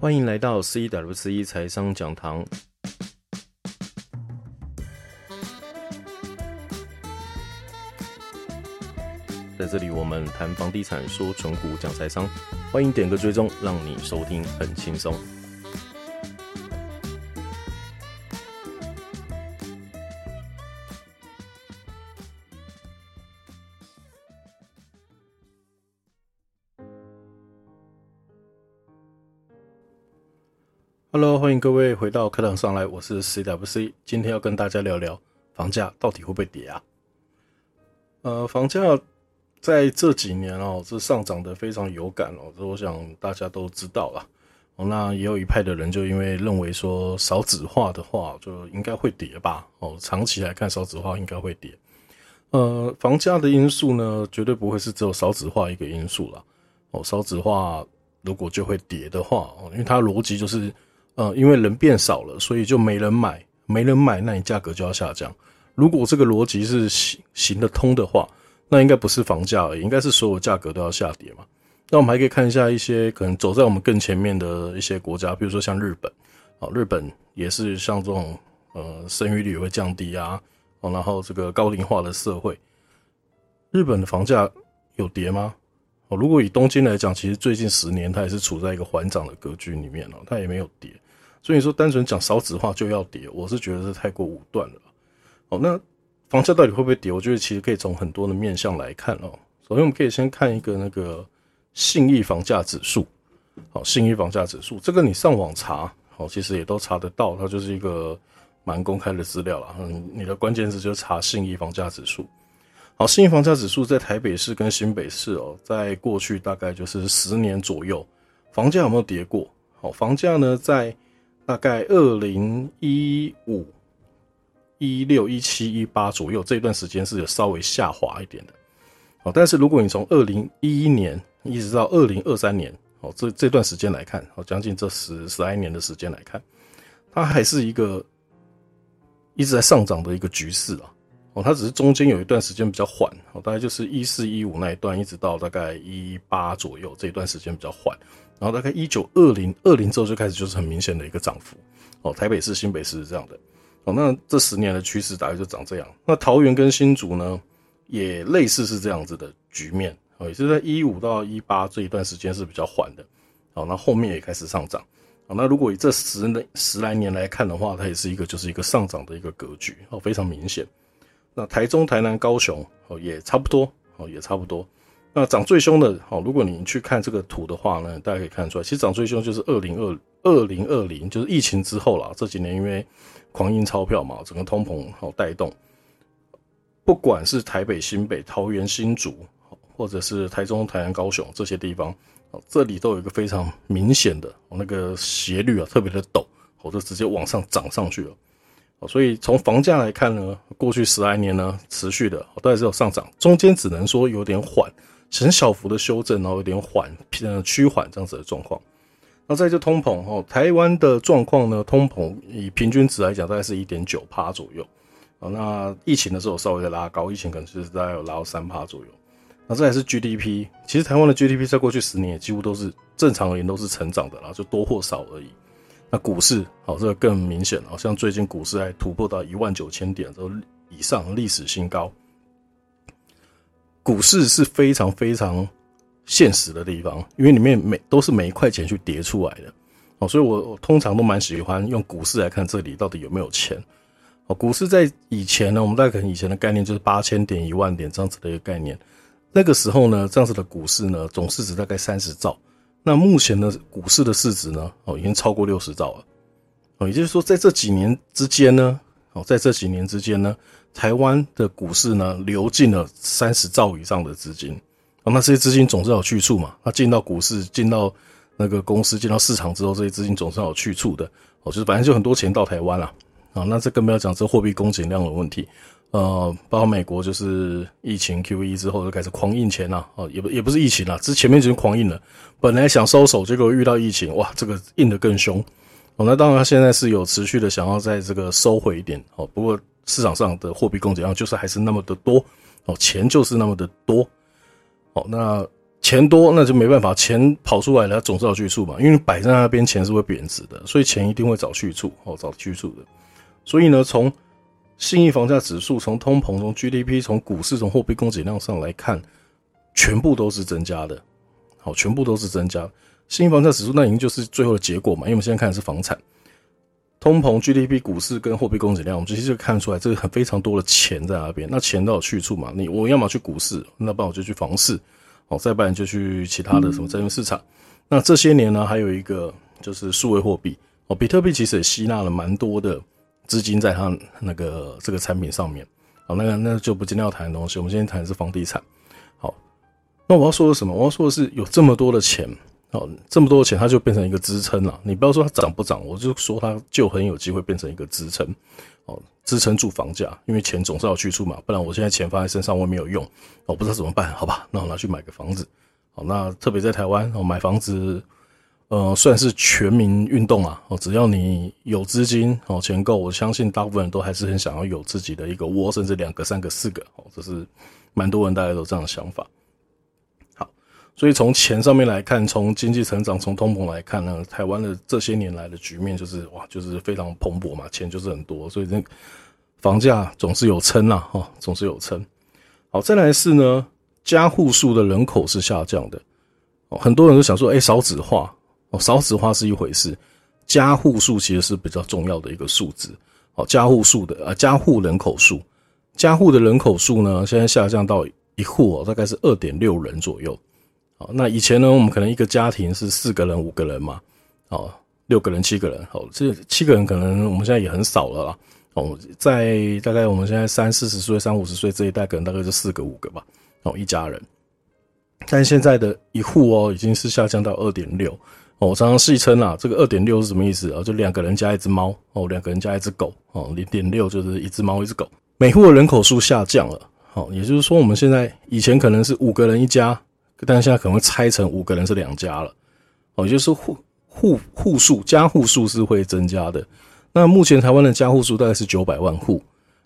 歡迎來到 CWC 財商講堂，在這裡我們談房地產，說存股，講財商。歡迎點個追蹤，讓你收聽很輕鬆。Hello，歡迎各位回到課堂上來，我是 CWC，今天要跟大家聊聊房價到底會不會跌啊？呃，房價在這幾年哦，是上漲得非常有感哦。這我想大家都知道了。哦，那也有一派的人就因為認為說少子化的話就應該會跌吧？哦，長期來看少子化應該會跌。呃，房價的因素呢絕對不會是只有少子化一個因素啦。哦，少子化如果就會跌的話，哦，因為它邏輯就是。呃，因為人變少了，所以就沒人買，沒人買，那你價格就要下降。如果這個邏輯是行行得通的話，那應該不是房價而已，應該是所有價格都要下跌嘛。那我們還可以看一下一些可能走在我們更前面的一些國家，比如說像日本，啊，哦，日本也是像這種呃，生育率也會降低啊，哦，然後這個高齡化的社會，日本的房價有跌嗎？哦，如果以東京來講，其實最近十年它也是處在一個緩漲的格局裡面，它、哦、也沒有跌，所以說單純講少子化就要跌，我是覺得這太過武斷了、哦。那房價到底會不會跌？我覺得其實可以從很多的面向來看哦。首先，我們可以先看一個那個信義房價指數，好、哦，信義房價指數這個你上網查、哦，其實也都查得到，它就是一個蠻公開的資料啦、嗯，你的關鍵字就是查信義房價指數。好，信義房價指數在台北市跟新北市哦，在過去大概就是十年左右，房價有沒有跌過？好，房價呢，在大概二零一五、一六、一七、一八左右這段時間是有稍微下滑一點的。好，但是如果你從二零一一年一直到二零二三年，哦，這這段時間來看，哦，將近這十十來年的時間來看，它還是一個一直在上漲的一個局勢啊。哦，它只是中間有一段時間比較緩，哦，大概就是一四一五那一段，一直到大概一八左右這一段時間比較緩，然後大概一九二零二零之後就開始就是很明顯的一個漲幅，哦，台北市、新北市是這樣的，哦，那這十年的趨勢大概就長這樣。那桃園跟新竹呢，也類似是這樣子的局面，哦，也是在一五到一八這一段時間是比較緩的，哦，那後面也開始上漲，哦，那如果以這十十來年來看的話，它也是一個就是一個上漲的一個格局，哦，非常明顯。那台中、台南、高雄哦，也差不多哦，也差不多。那漲最凶的哦，如果你去看這個圖的話呢，大家可以看出來，其實漲最凶就是二零二二零二零，就是疫情之後啦。這幾年因為狂印鈔票嘛，整個通膨哦，帶動，不管是台北、新北、桃園、新竹，或者是台中、台南、高雄這些地方這裡都有一個非常明顯的那個斜率啊，特別的陡，我就直接往上漲上去了。所以從房價來看呢，過去十來年呢，持續的都還是有上漲，中間只能說有點緩，很小幅的修正，然後有點緩，偏趨緩這樣子的狀況。那再來就通膨哦，台灣的狀況呢，通膨以平均值來講，大概是一點九帕左右。啊，那疫情的時候稍微的拉高，疫情可能就是大概有拉到三帕左右。那再來是 GDP，其實台灣的 GDP 在過去十年也幾乎都是正常而言都是成長的，然後就多或少而已。那股市好、哦，這個更明顯好、哦、像最近股市還突破到一萬九千點之後，以上歷史新高。股市是非常非常現實的地方，因為裡面每都是每一塊錢去疊出來的哦，所以我我通常都蠻喜歡用股市來看這裡到底有沒有錢哦。股市在以前呢，我們大概以前的概念就是八千點、一萬點這樣子的一個概念，那個時候呢，這樣子的股市呢，總市值大概三十兆。那目前的股市的市值呢？哦，已經超過六十兆了。哦，也就是說，在這幾年之間呢，哦，在這幾年之間呢，台灣的股市呢，流進了三十兆以上的資金，哦。那這些資金總是有去處嘛。那、啊、進到股市，進到那個公司，進到市場之後，這些資金總是有去處的。哦，就是反正就很多錢到台灣了，啊。啊，哦，那這更不要講這貨幣供給量的問題。呃，包括美國就是疫情 QE 之後就開始狂印錢了，哦，也不也不是疫情了、啊，只是前面已經狂印了，本來想收手，結果遇到疫情，哇，這個印的更凶，哦，那當然現在是有持續的想要在這個收回一點，哦，不過市場上的貨幣供給量就是還是那麼的多，哦，錢就是那麼的多，哦，那錢多那就沒辦法，錢跑出來了總是有去處嘛，因為擺在那邊錢是會貶值的，所以錢一定會找去處，哦，找去處的，所以呢，從信義房價指數從通膨、從 GDP、從股市、從貨幣供給量上來看，全部都是增加的。好，全部都是增加。信義房價指數那已經就是最後的結果嘛，因為我們現在看的是房產、通膨、GDP、股市跟貨幣供給量，我們其實就看出來，這個很非常多的錢在那邊。那錢都有去處嘛，你我要麼去股市，那不然我就去房市，哦，再不然就去其他的什麼債券市場、嗯。那這些年呢，還有一個就是數位貨幣哦，比特幣其實也吸納了蠻多的。資金在他那個這個產品上面，好，那個那就不今天要談的東西，我們今天談的是房地產。好，那我要說的什麼？我要說的是，有這麼多的錢，好，這麼多的錢，它就變成一個支撐了。你不要說它漲不漲，我就說它就很有機會變成一個支撐，哦，支撐住房價，因為錢總是要去處嘛，不然我現在錢放在身上我也沒有用，我不知道怎麼辦，好吧？那我拿去買個房子，好，那特別在台灣買房子。呃，算是全民運動啊！哦，只要你有資金哦，錢夠，我相信大部分人都還是很想要有自己的一個窩，甚至兩個、三個、四個哦，這是蠻多人大概都有這樣的想法。好，所以從錢上面來看，從經濟成長、從通膨來看呢，台灣的這些年來的局面就是哇，就是非常蓬勃嘛，錢就是很多，所以這房價總是有撐啦，哈，總是有撐。好，再來是呢，家戶數的人口是下降的，哦，很多人都想說，哎、欸，少子化。哦，少子化是一回事，家戶數其實是比較重要的一個數字。好、哦，家戶數的啊、呃，家戶人口數，家戶的人口數呢，現在下降到一戶哦，大概是二點六人左右、哦。那以前呢，我們可能一個家庭是四個人、五個人嘛，哦，六個人、七個人、哦，這七個人可能我們現在也很少了啦。哦，在大概我們現在三四十歲、三五十歲這一代，可能大概是四個、五個吧。哦，一家人，但現在的一戶哦，已經是下降到二點六。我、哦、常常戲稱啊，這個二點六是什麼意思啊？就兩個人加一隻貓，哦，兩個人加一隻狗，哦，零點六就是一隻貓一隻狗。每戶的人口數下降了，好、哦，也就是說我們現在以前可能是五個人一家，但現在可能會拆成五個人是兩家了，哦，也就是戶戶戶數家戶數是會增加的。那目前台灣的家戶數大概是九百萬戶，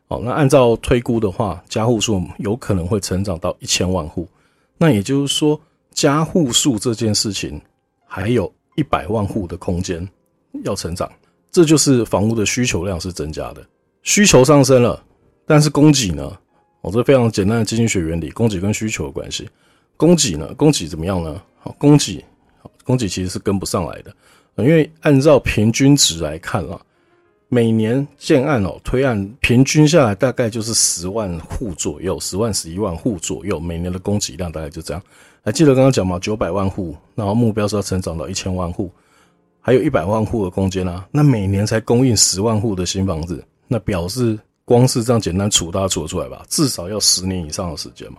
哦，那按照推估的話，家戶數有可能會成長到一千萬戶。那也就是說，家戶數這件事情還有。一百萬戶的空間要成長，這就是房屋的需求量是增加的，需求上升了，但是供給呢？哦，這非常簡單的經濟學原理，供給跟需求有關係。供給呢？供給怎麼樣呢？好，供給，供給其實是跟不上來的，因為按照平均值來看啦，每年建案哦推案平均下來大概就是十萬戶左右，十萬十一萬戶左右，每年的供給量大概就這樣。還記得剛剛講嘛，九百萬戶，然後目標是要成長到一千萬戶，還有一百萬戶的空間啊，那每年才供應十萬戶的新房子，那表示光是這樣簡單除，大家除得出來吧，至少要十年以上的時間嘛。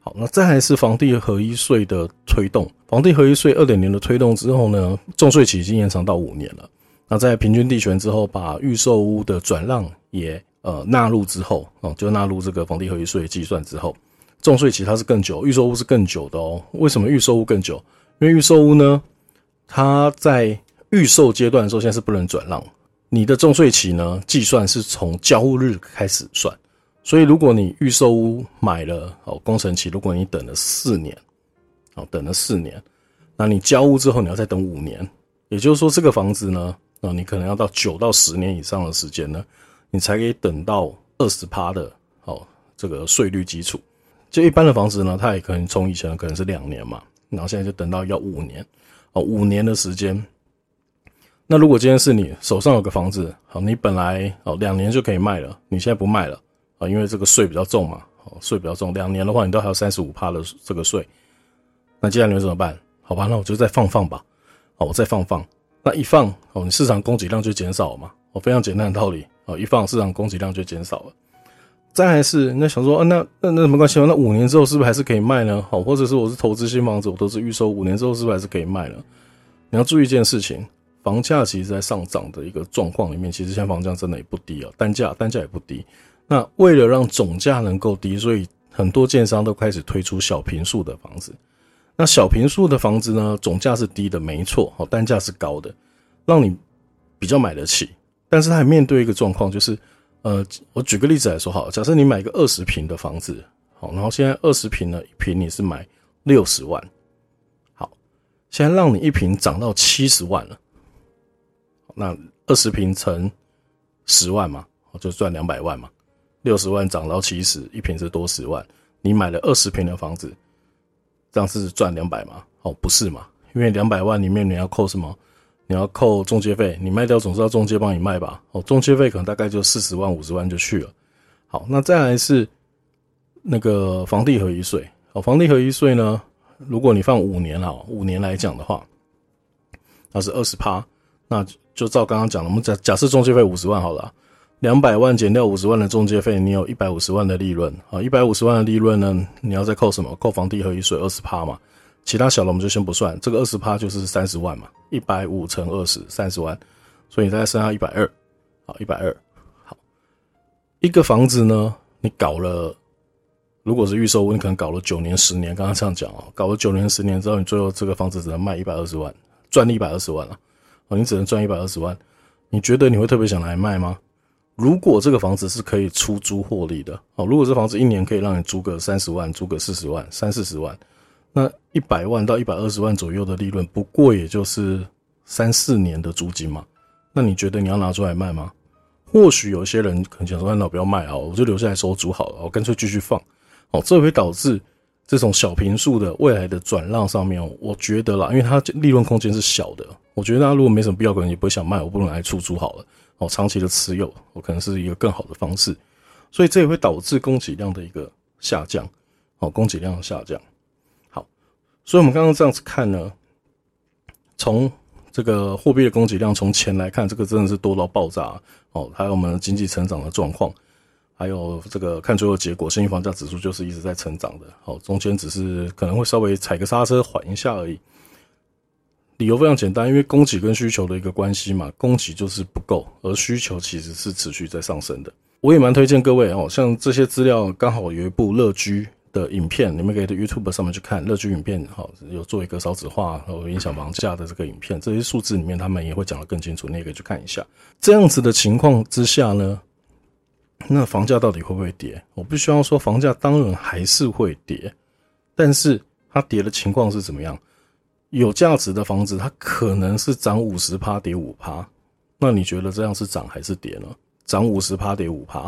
好，那再來是房地合一稅的推動，房地合一稅二點零的推動之後呢，重稅期已經延長到五年了。那在平均地權之後，把預售屋的轉讓也呃納入之後哦，就納入這個房地合一稅計算之後。重稅期它是更久，預售屋是更久的哦。為什麼預售屋更久？因為預售屋呢，它在預售階段的時候，現在是不能轉讓。你的重稅期呢，計算是從交屋日開始算。所以如果你預售屋買了哦，工程期，如果你等了四年，好，等了四年，那你交屋之後，你要再等五年。也就是說，這個房子呢，啊，你可能要到九到十年以上的時間呢，你才可以等到二十趴的哦，這個稅率基礎。就一般的房子呢，它也可能從以前可能是兩年嘛，然後現在就等到要五年，哦，五年的時間。那如果今天是你手上有個房子，好、哦，你本來哦兩年就可以賣了，你現在不賣了，啊、哦，因為這個稅比較重嘛，哦，稅比較重，兩年的話你都還有三十五趴的這個稅。那接下來你會怎麼辦？好吧，那我就再放放吧。哦，我再放放，那一放，哦，你市場供給量就減少了嘛，哦，非常簡單的道理，哦，一放市場供給量就減少了。再還是那想說啊，那那那沒關係嗎、啊？那五年之後是不是還是可以賣呢？好，或者是我是投資新房子，我都是預售，五年之後是不是還是可以賣呢？你要注意一件事情，房價其實在上漲的一個狀況裡面，其實現在房價真的也不低啊、喔，單價單價也不低。那為了讓總價能夠低，所以很多建商都開始推出小坪數的房子。那小坪數的房子呢，總價是低的，沒錯，好、喔，單價是高的，讓你比較買得起。但是它還面對一個狀況，就是。呃，我舉個例子來說好，假設你買一個二十坪的房子，好，然後現在二十坪呢，一坪你是買六十萬，好，現在讓你一坪漲到七十萬了，那二十坪乘十萬嘛，就賺兩百萬嘛，六十萬漲到七十，一坪是多十萬，你買了二十坪的房子，這樣是賺兩百嗎？哦，不是嘛？因為兩百萬裡面你要扣什麼？你要扣中介費，你賣掉總是要中介幫你賣吧？哦，中介費可能大概就四十萬五十萬就去了。好，那再來是那個房地合一稅。哦，房地合一稅呢？如果你放五年了，五年來講的話，那是二十趴。那就照剛剛講的，我們假假設中介費五十萬好了，兩百萬減掉五十萬的中介費，你有一百五十萬的利潤啊！一百五十萬的利潤呢？你要再扣什麼？扣房地合一稅二十趴嘛。其他小了我們就先不算，這個二十趴就是三十萬嘛，一百五乘二十，三十萬，所以你再剩下一百二，好，一百二，好。一個房子呢，你搞了，如果是預售我可能搞了九年十年，剛剛這樣講哦，搞了九年十年之後，你最後這個房子只能賣一百二十萬，賺了一百二十萬了，啊、哦，你只能賺一百二十萬，你覺得你會特別想來賣嗎？如果這個房子是可以出租獲利的，哦，如果這房子一年可以讓你租個三十萬，租個四十萬，三四十萬。那一百萬到一百二十萬左右的利潤，不過也就是三四年的租金嘛。那你覺得你要拿出來賣嗎？或許有些人可能想說：“那我不要賣啊，我就留下來收租好了，我乾脆繼續放。”哦，這會導致這種小坪數的未來的轉讓上面，我覺得啦，因為它利潤空間是小的，我覺得大家如果沒什麼必要，可能也不會想賣，我不能拿來出租好了。哦，長期的持有，我可能是一個更好的方式。所以這也會導致供給量的一個下降。哦，供給量的下降。所以，我們剛剛這樣子看呢，從這個貨幣的供給量，從前來看，這個真的是多到爆炸哦。還有我們經濟成長的狀況，還有這個看最後結果，信義房價指數就是一直在成長的。好，哦，中間只是可能會稍微踩個剎車，緩一下而已。理由非常簡單，因為供給跟需求的一個關係嘛，供給就是不夠，而需求其實是持續在上升的。我也蠻推薦各位哦，像這些資料，剛好有一部樂居的影片，你們可以在 YouTube 上面去看，樂居影片，好有做一個少子化有影響房價的這個影片，這些數字裡面他們也會講得更清楚，你可以去看一下。這樣子的情況之下呢，那房價到底會不會跌？我不需要說，房價當然還是會跌，但是它跌的情況是怎麼樣？有價值的房子，它可能是漲五十趴，跌五趴，那你覺得這樣是漲還是跌呢？漲五十趴，跌五趴，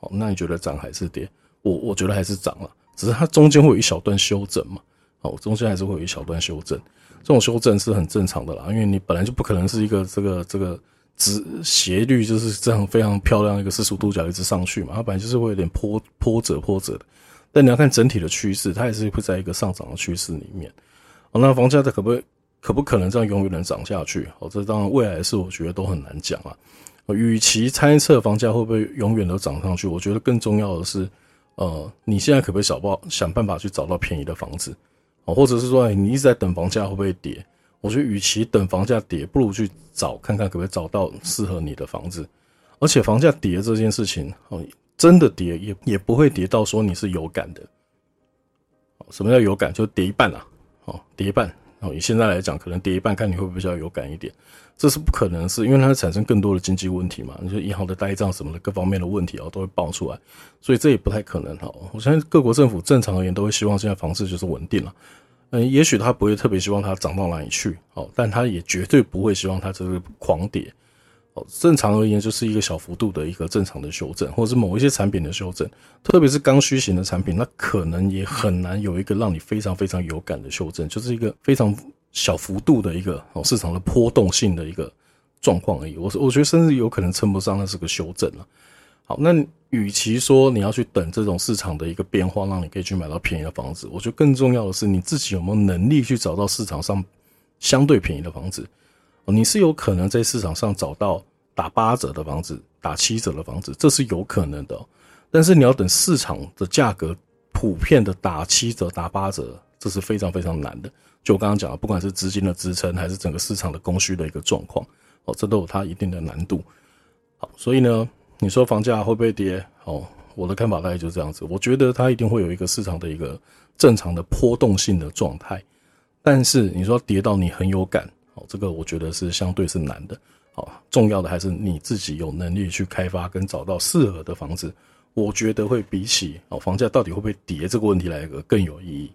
好，那你覺得漲還是跌？我我覺得還是漲了。只是它中間會有一小段修正嘛？哦，中間還是會有一小段修正，這種修正是很正常的啦，因為你本來就不可能是一個這個這個直斜率就是這樣非常漂亮的一個四十五度角一直上去嘛，它本來就是會有點波波折波折的。但你要看整體的趨勢，它也是會在一個上漲的趨勢裡面。哦，那房價它可不可不可能這樣永遠能漲下去？哦，這當然未來是我覺得都很難講啊。與其猜測房價會不會永遠都漲上去，我覺得更重要的是。呃，你現在可不可以找到想辦法去找到便宜的房子或者是說、欸、你一直在等房價會不會跌？我覺得與其等房價跌，不如去找看看可不可以找到適合你的房子。而且房價跌這件事情、喔、真的跌也也不會跌到說你是有感的。什麼叫有感？就是、跌一半啦、啊。好、喔，跌一半。好、喔，以現在來講，可能跌一半，看你會不會比較有感一點。這是不可能的事，是因為它會產生更多的經濟問題嘛？你說銀行的呆賬什麼的，各方面的問題啊、喔，都會爆出來，所以這也不太可能哈、喔。我相信各國政府正常而言都會希望現在房市就是穩定了。嗯、呃，也許它不會特別希望它漲到哪裡去，哦、喔，但它也絕對不會希望它這是狂跌，哦、喔，正常而言就是一個小幅度的一個正常的修正，或者是某一些產品的修正，特別是剛需型的產品，那可能也很難有一個讓你非常非常有感的修正，就是一個非常。小幅度的一個哦市場的波動性的一個狀況而已，我我覺得甚至有可能稱不上那是個修正了啊。好，那與其說你要去等這種市場的一個變化，讓你可以去買到便宜的房子，我覺得更重要的是你自己有沒有能力去找到市場上相對便宜的房子。哦，你是有可能在市場上找到打八折的房子、打七折的房子，這是有可能的哦。但是你要等市場的價格普遍的打七折、打八折，這是非常非常難的。就我剛剛講的，不管是資金的支撐，還是整個市場的供需的一個狀況，哦，這都有它一定的難度。好，所以呢，你說房價會不會跌？哦，我的看法大概就是這樣子。我覺得它一定會有一個市場的一個正常的波動性的狀態。但是你說跌到你很有感，哦，這個我覺得是相對是難的。好，重要的還是你自己有能力去開發跟找到適合的房子。我覺得會比起哦房價到底會不會跌這個問題來得更有意義。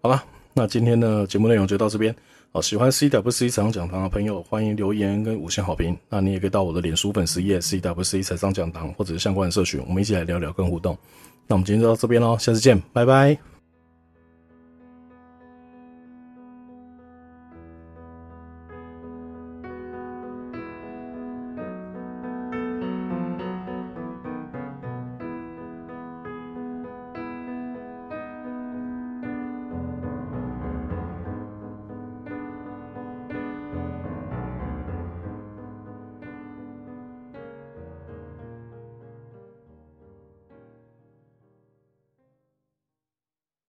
好吧。那今天呢，節目內容就到這邊。好，喜歡 CWC 財商講堂的朋友，歡迎留言跟五星好評。那你也可以到我的臉書粉絲頁 CWC 財商講堂，或者是相關的社群，我們一起來聊聊跟互動。那我們今天就到這邊嘍，下次見，拜拜。